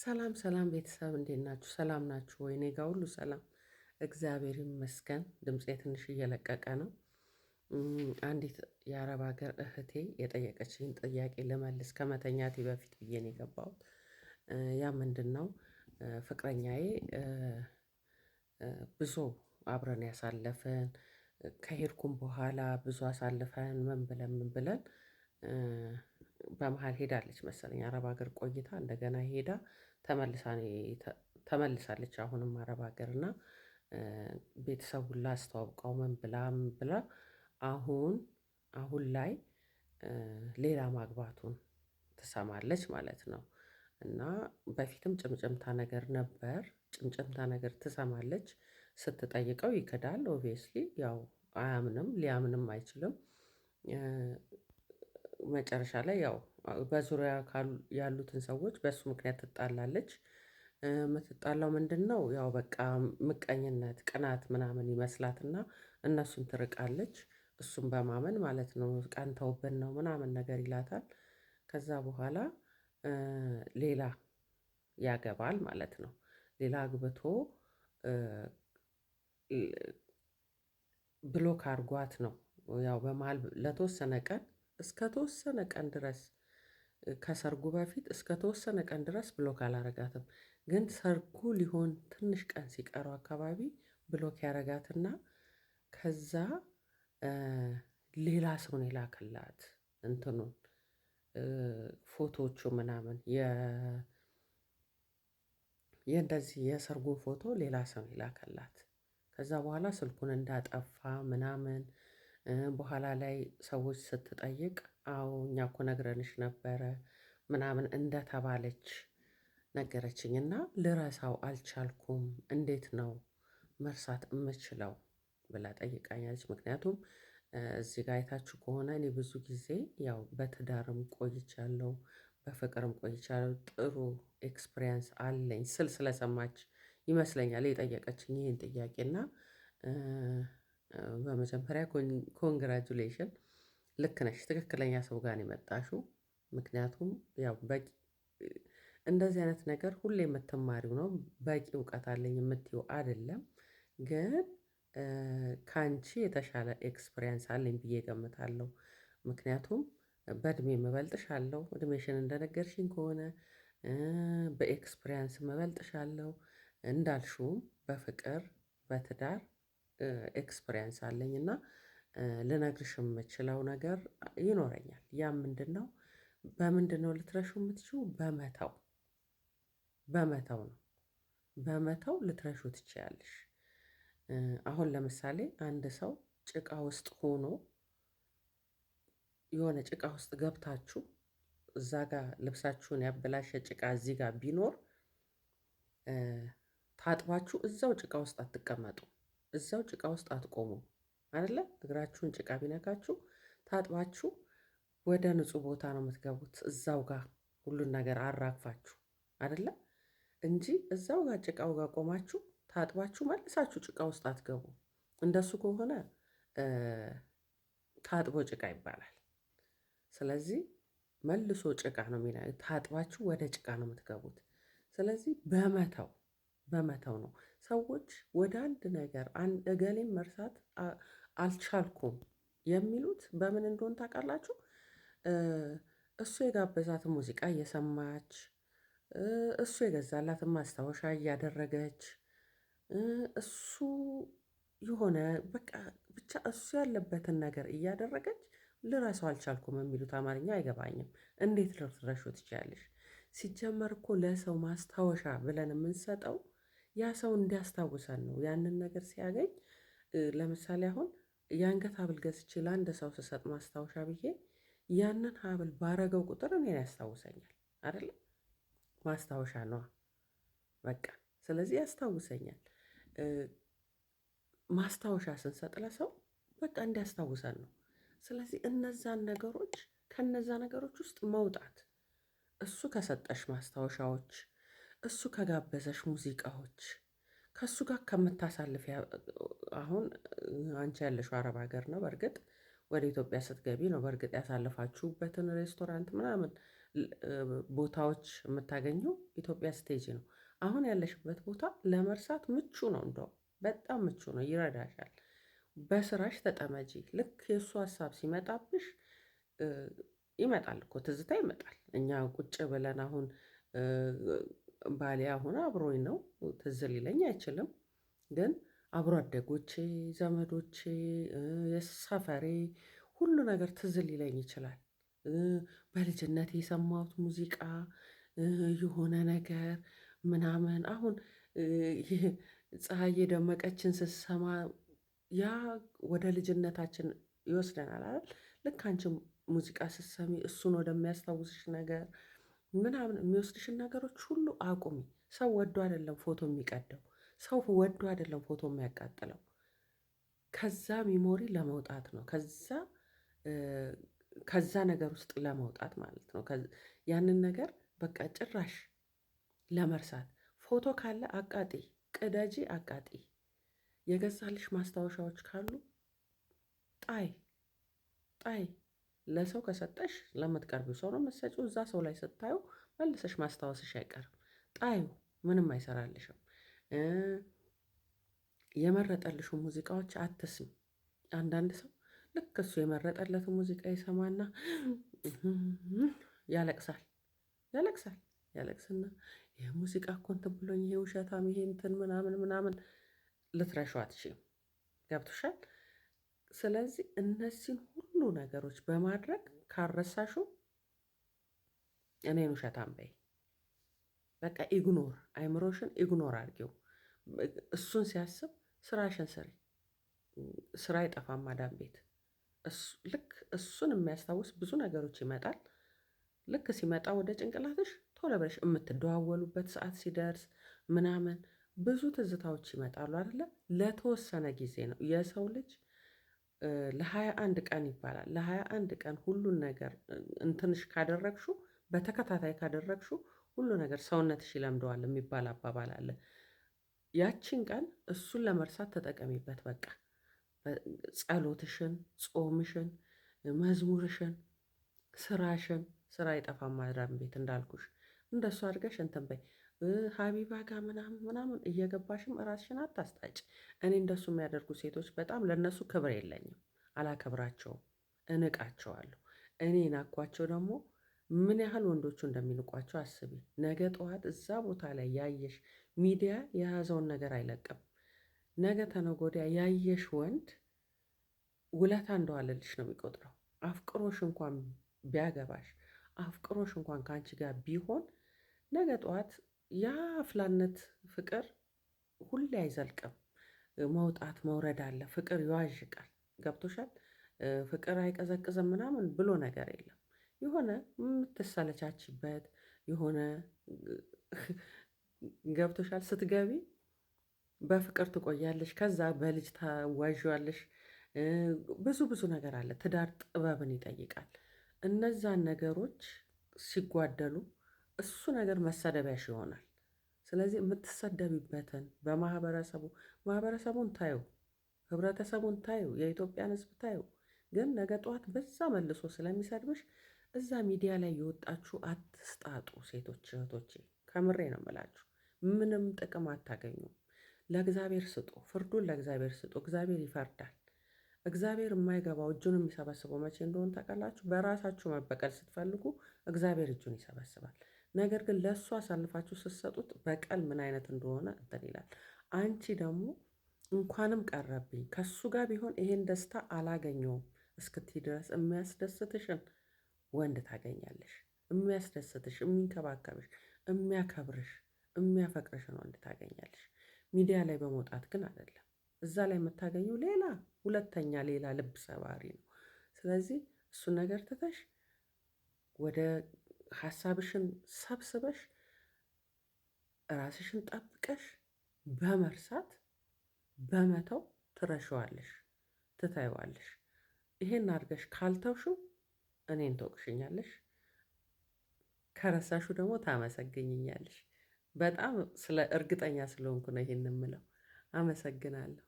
ሰላም ሰላም ቤተሰብ እንዴት ናችሁ? ሰላም ናችሁ ወይ? እኔ ጋ ሁሉ ሰላም እግዚአብሔር ይመስገን። ድምፄ ትንሽ እየለቀቀ ነው። አንዲት የአረብ ሀገር እህቴ የጠየቀችኝ ጥያቄ ልመልስ ከመተኛቴ በፊት ብዬን የገባሁት። ያ ምንድን ነው ፍቅረኛዬ ብዙ አብረን ያሳለፍን ከሄድኩም በኋላ ብዙ አሳልፈን ምን ብለን ምን ብለን በመሀል ሄዳለች መሰለኝ አረብ ሀገር ቆይታ እንደገና ሄዳ ተመልሳለች። አሁንም አረብ ሀገር እና ቤተሰብ ሁላ አስተዋውቀው ምን ብላ ብላ አሁን አሁን ላይ ሌላ ማግባቱን ትሰማለች ማለት ነው። እና በፊትም ጭምጭምታ ነገር ነበር። ጭምጭምታ ነገር ትሰማለች። ስትጠይቀው ይክዳል። ኦብቪየስሊ ያው አያምንም፣ ሊያምንም አይችልም። መጨረሻ ላይ ያው በዙሪያ ያሉትን ሰዎች በእሱ ምክንያት ትጣላለች። የምትጣላው ምንድነው? ያው በቃ ምቀኝነት ቅናት ምናምን ይመስላትና እነሱን ትርቃለች እሱን በማመን ማለት ነው ቀንተውብን ነው ምናምን ነገር ይላታል። ከዛ በኋላ ሌላ ያገባል ማለት ነው። ሌላ አግብቶ ብሎክ አርጓት ነው ያው በመሀል ለተወሰነ ቀን እስከተወሰነ ቀን ድረስ ከሰርጉ በፊት ተወሰነ ቀን ድረስ ብሎክ አላረጋትም። ግን ሰርጉ ሊሆን ትንሽ ቀን ሲቀረው አካባቢ ብሎክ ያረጋትና ከዛ ሌላ ሰውን የላከላት እንትኑን ፎቶዎቹ ምናምን የእንደዚህ የሰርጉን ፎቶ ሌላ ሰው የላከላት ከዛ በኋላ ስልኩን እንዳጠፋ ምናምን በኋላ ላይ ሰዎች ስትጠይቅ አዎ እኛ እኮ ነግረንሽ ነበረ ምናምን እንደተባለች ነገረችኝ እና ልረሳው አልቻልኩም። እንዴት ነው መርሳት የምችለው ብላ ጠይቃኛለች። ምክንያቱም እዚህ ጋር አይታችሁ ከሆነ እኔ ብዙ ጊዜ ያው በትዳርም ቆይቻለሁ፣ በፍቅርም ቆይቻለሁ። ጥሩ ኤክስፒሪየንስ አለኝ ስል ስለሰማች ይመስለኛል የጠየቀችኝ ይህን ጥያቄና በመጀመሪያ ኮንግራጁሌሽን ልክ ነሽ፣ ትክክለኛ ሰው ጋር ነው የመጣሽው። ምክንያቱም ያው በቂ እንደዚህ አይነት ነገር ሁሌ የምትማሪው ነው። በቂ እውቀት አለኝ የምትይው አይደለም፣ ግን ከአንቺ የተሻለ ኤክስፒሪየንስ አለኝ ብዬ ገምታለሁ። ምክንያቱም በእድሜ አለው እድሜሽን እንደነገርሽኝ ከሆነ በኤክስፒሪየንስ አለው እንዳልሹም በፍቅር በትዳር ኤክስፐሪንስ አለኝ እና ልነግርሽ የምችለው ነገር ይኖረኛል። ያ ምንድን ነው? በምንድን ነው ልትረሹ የምትችው? በመተው በመተው ነው። በመተው ልትረሹ ትችያለሽ። አሁን ለምሳሌ አንድ ሰው ጭቃ ውስጥ ሆኖ የሆነ ጭቃ ውስጥ ገብታችሁ እዛ ጋር ልብሳችሁን ያበላሸ ጭቃ እዚህ ጋር ቢኖር ታጥባችሁ እዛው ጭቃ ውስጥ አትቀመጡ። እዛው ጭቃ ውስጥ አትቆሙ አይደለ? እግራችሁን ጭቃ ቢነካችሁ ታጥባችሁ ወደ ንጹህ ቦታ ነው የምትገቡት። እዛው ጋር ሁሉን ነገር አራግፋችሁ አይደለ? እንጂ እዛው ጋር ጭቃው ጋር ቆማችሁ ታጥባችሁ መልሳችሁ ጭቃ ውስጥ አትገቡ። እንደሱ ከሆነ ታጥቦ ጭቃ ይባላል። ስለዚህ መልሶ ጭቃ ነው ታጥባችሁ ወደ ጭቃ ነው የምትገቡት። ስለዚህ በመተው በመተው ነው። ሰዎች ወደ አንድ ነገር እገሌን መርሳት አልቻልኩም የሚሉት በምን እንደሆን ታውቃላችሁ? እሱ የጋበዛት ሙዚቃ እየሰማች እሱ የገዛላትን ማስታወሻ እያደረገች እሱ የሆነ በቃ ብቻ እሱ ያለበትን ነገር እያደረገች ልረሳው አልቻልኩም የሚሉት አማርኛ አይገባኝም። እንዴት ልትረሺው ትችያለሽ? ሲጀመር እኮ ለሰው ማስታወሻ ብለን የምንሰጠው ያ ሰው እንዲያስታውሰን ነው። ያንን ነገር ሲያገኝ ለምሳሌ አሁን የአንገት ሀብል ገዝቼ ለአንድ ሰው ስሰጥ ማስታወሻ ብዬ ያንን ሀብል ባረገው ቁጥር እኔን ያስታውሰኛል አይደለ? ማስታወሻ ነዋ። በቃ ስለዚህ ያስታውሰኛል። ማስታወሻ ስንሰጥ ለሰው በቃ እንዲያስታውሰን ነው። ስለዚህ እነዛን ነገሮች ከነዛ ነገሮች ውስጥ መውጣት እሱ ከሰጠሽ ማስታወሻዎች እሱ ከጋበዘሽ ሙዚቃዎች ከእሱ ጋር ከምታሳልፍ አሁን አንቺ ያለሽው አረብ ሀገር ነው። በእርግጥ ወደ ኢትዮጵያ ስትገቢ ነው። በእርግጥ ያሳልፋችሁበትን ሬስቶራንት ምናምን ቦታዎች የምታገኙ ኢትዮጵያ ስቴጅ ነው። አሁን ያለሽበት ቦታ ለመርሳት ምቹ ነው። እንደውም በጣም ምቹ ነው፣ ይረዳሻል። በስራሽ ተጠመጂ። ልክ የእሱ ሀሳብ ሲመጣብሽ ይመጣል እኮ ትዝታ ይመጣል። እኛ ቁጭ ብለን አሁን ባሌ አሁን አብሮኝ ነው፣ ትዝ ሊለኝ አይችልም። ግን አብሮ አደጎቼ፣ ዘመዶቼ፣ የሰፈሬ ሁሉ ነገር ትዝ ሊለኝ ይችላል። በልጅነት የሰማሁት ሙዚቃ የሆነ ነገር ምናምን አሁን ፀሐይ ደመቀችን ስሰማ ያ ወደ ልጅነታችን ይወስደናል አይደል? ልክ አንቺ ሙዚቃ ስሰሚ እሱን ወደሚያስታውስሽ ነገር ምናምን የሚወስድሽን ነገሮች ሁሉ አቁሚ። ሰው ወዶ አይደለም ፎቶ የሚቀደው፣ ሰው ወዶ አይደለም ፎቶ የሚያቃጥለው። ከዛ ሚሞሪ ለመውጣት ነው። ከዛ ከዛ ነገር ውስጥ ለመውጣት ማለት ነው። ያንን ነገር በቃ ጭራሽ ለመርሳት ፎቶ ካለ አቃጢ፣ ቅደጂ፣ አቃጢ። የገዛልሽ ማስታወሻዎች ካሉ ጣይ ጣይ ለሰው ከሰጠሽ ለምትቀርቢው ሰው ነው የምትሰጪው። እዛ ሰው ላይ ስታዩ መልሰሽ ማስታወስሽ አይቀርም። ጣዩ ምንም አይሰራልሽም። የመረጠልሹ ሙዚቃዎች አትስሚ። አንዳንድ ሰው ልክ እሱ የመረጠለት ሙዚቃ ይሰማና ያለቅሳል ያለቅሳል ያለቅስና ይህ ሙዚቃ እኮ እንትን ብሎኝ ይሄ ውሸታም ይሄ እንትን ምናምን ምናምን ልትረሿት ገብቶሻል። ስለዚህ እነዚህን ሁሉ ነገሮች በማድረግ ካረሳሹ እኔን ውሸታም በይ። በቃ ኢግኖር፣ አይምሮሽን ኢግኖር አድርጊው። እሱን ሲያስብ ስራሽን ስሪ። ስራ አይጠፋም ማዳም ቤት። ልክ እሱን የሚያስታውስ ብዙ ነገሮች ይመጣል። ልክ ሲመጣ ወደ ጭንቅላትሽ ቶሎ ብለሽ የምትደዋወሉበት ሰዓት ሲደርስ ምናምን ብዙ ትዝታዎች ይመጣሉ አይደለ? ለተወሰነ ጊዜ ነው የሰው ልጅ ለሀያ አንድ ቀን ይባላል። ለሀያ አንድ ቀን ሁሉን ነገር እንትንሽ ካደረግሹ በተከታታይ ካደረግሹ ሁሉ ነገር ሰውነትሽ ይለምደዋል የሚባል አባባል አለ። ያቺን ቀን እሱን ለመርሳት ተጠቀሚበት። በቃ ጸሎትሽን፣ ጾምሽን፣ መዝሙርሽን፣ ስራሽን ስራ ይጠፋ ማዳም ቤት እንዳልኩሽ እንደሱ አድርገሽ እንትን በይ። ሀቢባ ጋር ምናምን ምናምን እየገባሽም እራስሽን አታስጣጭ። እኔ እንደሱ የሚያደርጉ ሴቶች በጣም ለእነሱ ክብር የለኝም፣ አላከብራቸውም፣ እንቃቸዋለሁ። እኔ ናኳቸው ደግሞ ምን ያህል ወንዶቹ እንደሚንቋቸው አስቢ። ነገ ጠዋት እዛ ቦታ ላይ ያየሽ ሚዲያ የያዘውን ነገር አይለቅም። ነገ ተነጎዲያ ያየሽ ወንድ ውለታ እንደዋለልሽ ነው የሚቆጥረው። አፍቅሮሽ እንኳን ቢያገባሽ አፍቅሮሽ እንኳን ከአንቺ ጋር ቢሆን ነገ ጠዋት ያ አፍላነት ፍቅር ሁሌ አይዘልቅም። መውጣት መውረድ አለ። ፍቅር ይዋዥቃል። ገብቶሻል? ፍቅር አይቀዘቅዝም ምናምን ብሎ ነገር የለም። የሆነ የምትሰለቻችበት የሆነ ገብቶሻል? ስትገቢ በፍቅር ትቆያለሽ፣ ከዛ በልጅ ታዋዥዋለሽ። ብዙ ብዙ ነገር አለ። ትዳር ጥበብን ይጠይቃል። እነዛን ነገሮች ሲጓደሉ እሱ ነገር መሰደቢያሽ ይሆናል። ስለዚህ የምትሰደብበትን በማህበረሰቡ ማህበረሰቡን ታዩ፣ ህብረተሰቡን ታዩ፣ የኢትዮጵያን ህዝብ ታዩ። ግን ነገ ጠዋት በዛ መልሶ ስለሚሰድብሽ እዛ ሚዲያ ላይ የወጣችሁ አትስጣጡ። ሴቶች እህቶቼ፣ ከምሬ ነው የምላችሁ፣ ምንም ጥቅም አታገኙም። ለእግዚአብሔር ስጡ፣ ፍርዱን ለእግዚአብሔር ስጡ። እግዚአብሔር ይፈርዳል። እግዚአብሔር የማይገባው እጁን የሚሰበስበው መቼ እንደሆነ ታውቃላችሁ። በራሳችሁ መበቀል ስትፈልጉ እግዚአብሔር እጁን ይሰበስባል። ነገር ግን ለእሱ አሳልፋችሁ ስትሰጡት በቀል ምን አይነት እንደሆነ እንትን ይላል። አንቺ ደግሞ እንኳንም ቀረብኝ ከሱ ጋር ቢሆን ይሄን ደስታ አላገኘውም እስክቲ ድረስ የሚያስደስትሽን ወንድ ታገኛለሽ። የሚያስደስትሽ፣ የሚንከባከብሽ፣ የሚያከብርሽ፣ የሚያፈቅርሽን ወንድ ታገኛለሽ። ሚዲያ ላይ በመውጣት ግን አይደለም። እዛ ላይ የምታገኘው ሌላ ሁለተኛ ሌላ ልብ ሰባሪ ነው። ስለዚህ እሱን ነገር ትተሽ ወደ ሀሳብሽን ሰብስበሽ ራስሽን ጠብቀሽ በመርሳት በመተው ትረሸዋለሽ፣ ትታይዋለሽ። ይሄን አድርገሽ ካልተውሽው እኔን ተወቅሽኛለሽ፣ ከረሳሹ ደግሞ ታመሰግኝኛለሽ። በጣም ስለ እርግጠኛ ስለሆንኩ ነው ይሄን የምለው። አመሰግናለሁ።